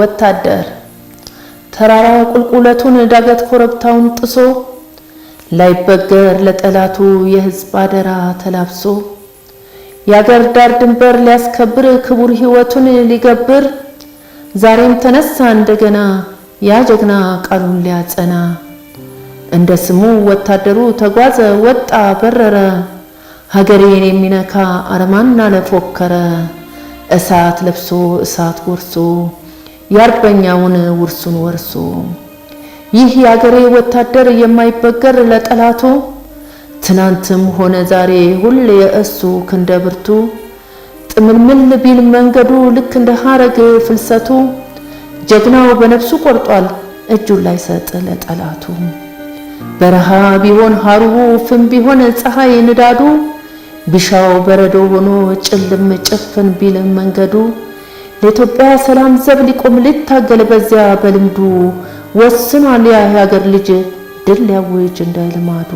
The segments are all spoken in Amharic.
ወታደር ተራራ ቁልቁለቱን ዳገት ኮረብታውን ጥሶ ላይበገር ለጠላቱ የሕዝብ አደራ ተላብሶ የአገር ዳር ድንበር ሊያስከብር ክቡር ሕይወቱን ሊገብር ዛሬም ተነሳ እንደገና ያ ጀግና ቃሉን ሊያጸና እንደ ስሙ ወታደሩ ተጓዘ ወጣ በረረ ሀገሬን የሚነካ አረማን ለፎከረ እሳት ለብሶ እሳት ጎርሶ የአርበኛውን ውርሱን ወርሶ ይህ የአገሬ ወታደር የማይበገር ለጠላቱ ትናንትም ሆነ ዛሬ ሁሌ የእሱ ክንደ ብርቱ ጥምልምል ቢል መንገዱ ልክ እንደ ሐረግ ፍልሰቱ ጀግናው በነፍሱ ቆርጧል እጁን ላይ ሰጥ ለጠላቱ በረሃ ቢሆን ሐሩሩ ፍም ቢሆን ፀሐይ ንዳዱ ቢሻው በረዶ ሆኖ ጭልም ጭፍን ቢል መንገዱ ለኢትዮጵያ ሰላም ዘብ ሊቆም ሊታገል በዚያ በልምዱ ወስኗል ያ የሀገር ልጅ ድል ሊያውጅ እንዳይልማዱ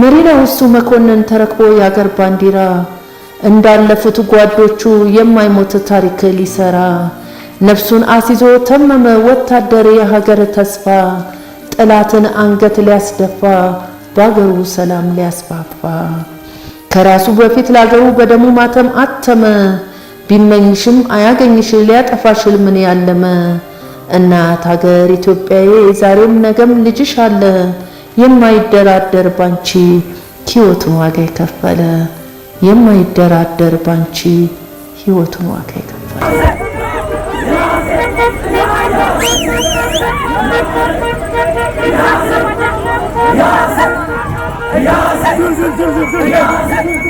መሪ ነው እሱ መኮንን ተረክቦ የሀገር ባንዲራ እንዳለፉት ጓዶቹ የማይሞት ታሪክ ሊሰራ ነፍሱን አስይዞ ተመመ ወታደር የሀገር ተስፋ ጠላትን አንገት ሊያስደፋ በአገሩ ሰላም ሊያስፋፋ ከራሱ በፊት ለአገሩ በደሙ ማተም አተመ ቢመኝሽም አያገኝሽ ሊያጠፋሽል ምን ያለመ እናት ሀገር ኢትዮጵያዬ ዛሬም ነገም ልጅሽ አለ የማይደራደር ባንቺ ሕይወቱን ዋጋ የከፈለ የማይደራደር ባንቺ ሕይወቱን ዋጋ የከፈለ Yeah!